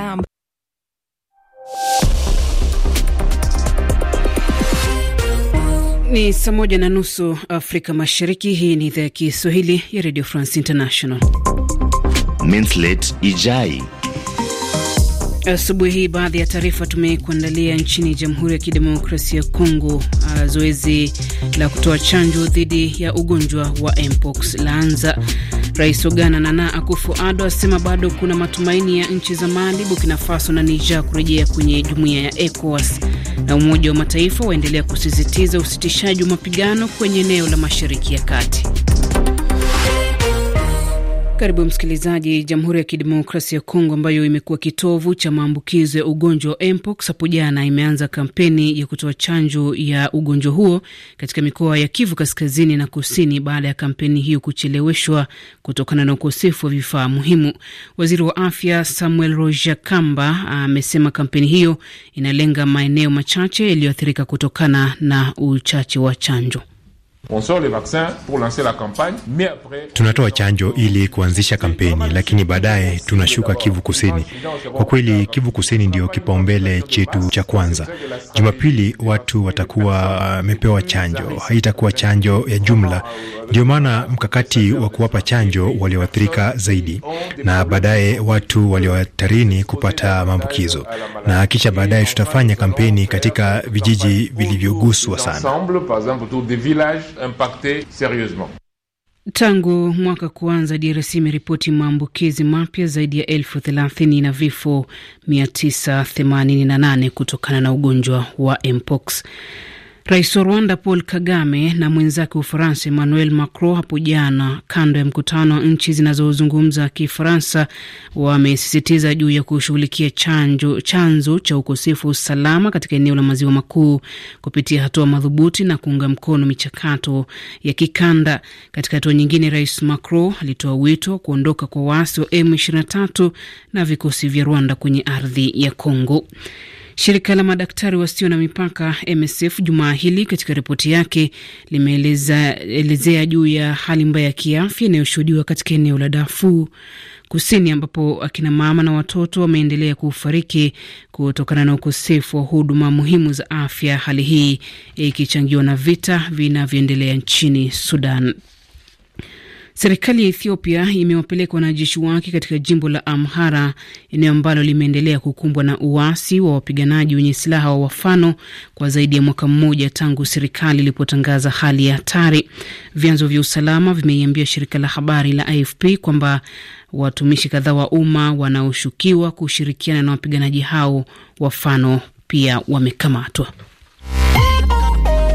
Sound. Ni saa moja na nusu Afrika Mashariki. Hii ni idhaa ya Kiswahili ya Radio France International. Minslet Ijai. Asubuhi hii baadhi ya taarifa tumekuandalia: nchini Jamhuri ya Kidemokrasia ya Kongo, ah, zoezi la kutoa chanjo dhidi ya ugonjwa wa mpox laanza. Rais wa Ghana Nana akufo ado asema bado kuna matumaini ya nchi za Mali, Burkina Faso na Niger kurejea kwenye jumuiya ya ECOWAS. Na Umoja wa Mataifa waendelea kusisitiza usitishaji wa mapigano kwenye eneo la Mashariki ya Kati. Karibu msikilizaji. Jamhuri ya Kidemokrasia ya Kongo ambayo imekuwa kitovu cha maambukizo ya ugonjwa wa mpox, hapo jana imeanza kampeni ya kutoa chanjo ya ugonjwa huo katika mikoa ya Kivu kaskazini na kusini, baada ya kampeni hiyo kucheleweshwa kutokana na ukosefu wa vifaa muhimu. Waziri wa afya Samuel Roja Kamba amesema kampeni hiyo inalenga maeneo machache yaliyoathirika kutokana na uchache wa chanjo. Tunatoa chanjo ili kuanzisha kampeni, lakini baadaye tunashuka Kivu Kusini. Kwa kweli, Kivu Kusini ndio kipaumbele chetu cha kwanza. Jumapili watu watakuwa wamepewa uh, chanjo, haitakuwa chanjo ya jumla, ndio maana mkakati wa kuwapa chanjo walioathirika zaidi, na baadaye watu waliohatarini kupata maambukizo, na kisha baadaye tutafanya kampeni katika vijiji vilivyoguswa sana impacté sérieusement. Tangu mwaka kuanza, DRC imeripoti maambukizi mapya zaidi ya elfu thelathini na vifo 988 kutokana na ugonjwa wa mpox. Rais wa Rwanda Paul Kagame na mwenzake wa Ufaransa Emmanuel Macron hapo jana, kando ya mkutano wa nchi zinazozungumza Kifaransa, wamesisitiza juu ya kushughulikia chanzo cha ukosefu wa usalama katika eneo la maziwa makuu kupitia hatua madhubuti na kuunga mkono michakato ya kikanda. Katika hatua nyingine, Rais Macron alitoa wito kuondoka kwa waasi wa M23 na vikosi vya Rwanda kwenye ardhi ya congo Shirika la madaktari wasio na mipaka MSF jumaa hili katika ripoti yake limeelezea juu ya hali mbaya ya kiafya inayoshuhudiwa katika eneo la Darfur Kusini, ambapo akina mama na watoto wameendelea kufariki kutokana na ukosefu wa huduma muhimu za afya, hali hii ikichangiwa na vita vinavyoendelea nchini Sudan. Serikali ya Ethiopia imewapeleka wanajeshi wake katika jimbo la Amhara, eneo ambalo limeendelea kukumbwa na uasi wa wapiganaji wenye silaha wa Wafano kwa zaidi ya mwaka mmoja tangu serikali ilipotangaza hali ya hatari. Vyanzo vya usalama vimeiambia shirika la habari la AFP kwamba watumishi kadhaa wa umma wanaoshukiwa kushirikiana na wapiganaji hao Wafano pia wamekamatwa.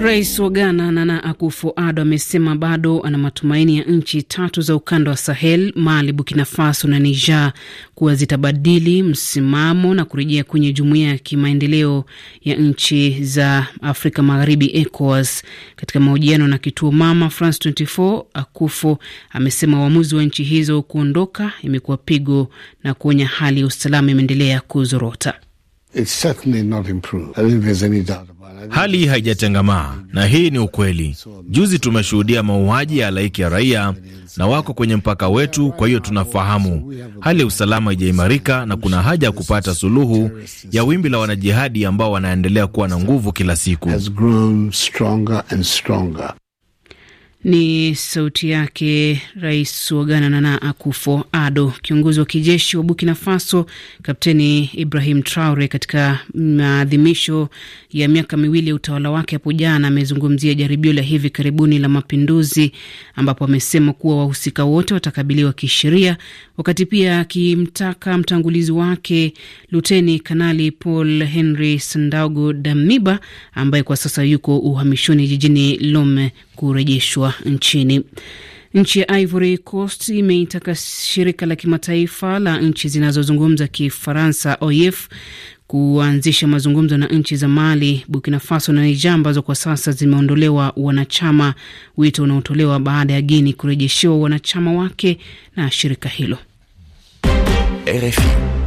Rais wa Ghana Nana akufo ado amesema bado ana matumaini ya nchi tatu za ukanda wa Sahel, Mali, Burkina Faso na Niger kuwa zitabadili msimamo na kurejea kwenye jumuiya ya kimaendeleo ya nchi za Afrika Magharibi, ECOWAS. Katika mahojiano na kituo mama France 24, Akufo amesema uamuzi wa nchi hizo kuondoka imekuwa pigo na kuonya hali ya usalama imeendelea kuzorota. Hali haijatengamaa na hii ni ukweli. Juzi tumeshuhudia mauaji ya halaiki ya raia na wako kwenye mpaka wetu, kwa hiyo tunafahamu hali ya usalama haijaimarika, na kuna haja ya kupata suluhu ya wimbi la wanajihadi ambao wanaendelea kuwa na nguvu kila siku. Ni sauti yake Rais wa Ghana Nana akufo ado Kiongozi wa kijeshi wa Burkina Faso Kapteni Ibrahim Traore, katika maadhimisho ya miaka miwili ya utawala wake hapo jana, amezungumzia jaribio la hivi karibuni la mapinduzi, ambapo amesema kuwa wahusika wote watakabiliwa kisheria, wakati pia akimtaka mtangulizi wake Luteni Kanali Paul Henry Sandaogo Damiba ambaye kwa sasa yuko uhamishoni jijini Lome kurejeshwa nchini. Nchi ya Ivory Coast imeitaka shirika la kimataifa la nchi zinazozungumza Kifaransa OIF e kuanzisha mazungumzo na nchi za Mali, Burkina Faso na Niger ambazo kwa sasa zimeondolewa wanachama, wito unaotolewa baada ya Guinea kurejeshewa wanachama wake na shirika hilo RFI.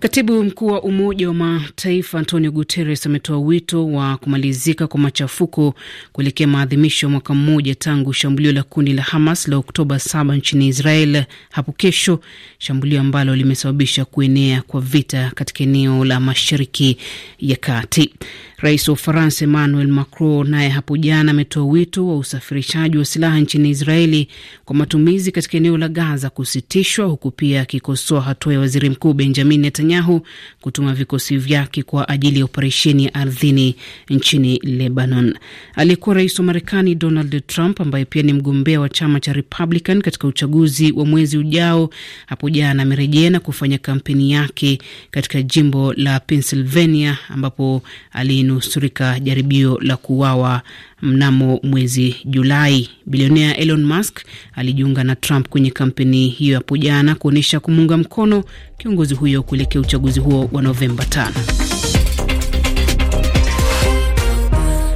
Katibu mkuu wa Umoja wa Mataifa Antonio Guterres ametoa wito wa kumalizika kwa machafuko kuelekea maadhimisho ya mwaka mmoja tangu shambulio la kundi la Hamas la Oktoba 7 nchini Israel hapo kesho, shambulio ambalo limesababisha kuenea kwa vita katika eneo la Mashariki ya Kati. Rais wa Ufaransa Emmanuel Macron naye hapo jana ametoa wito wa usafirishaji wa silaha nchini Israeli kwa matumizi katika eneo la Gaza kusitishwa, huku pia akikosoa hatua ya waziri mkuu Benjamin Netanyahu kutuma vikosi vyake kwa ajili ya operesheni ya ardhini nchini Lebanon. Aliyekuwa rais wa Marekani Donald Trump ambaye pia ni mgombea wa chama cha Republican katika uchaguzi wa mwezi ujao, hapo jana amerejea na kufanya kampeni yake katika jimbo la Pennsylvania ambapo ali amenusurika jaribio la kuuawa mnamo mwezi Julai. Bilionea Elon Musk alijiunga na Trump kwenye kampeni hiyo hapo jana kuonyesha kumuunga mkono kiongozi huyo kuelekea uchaguzi huo wa Novemba 5.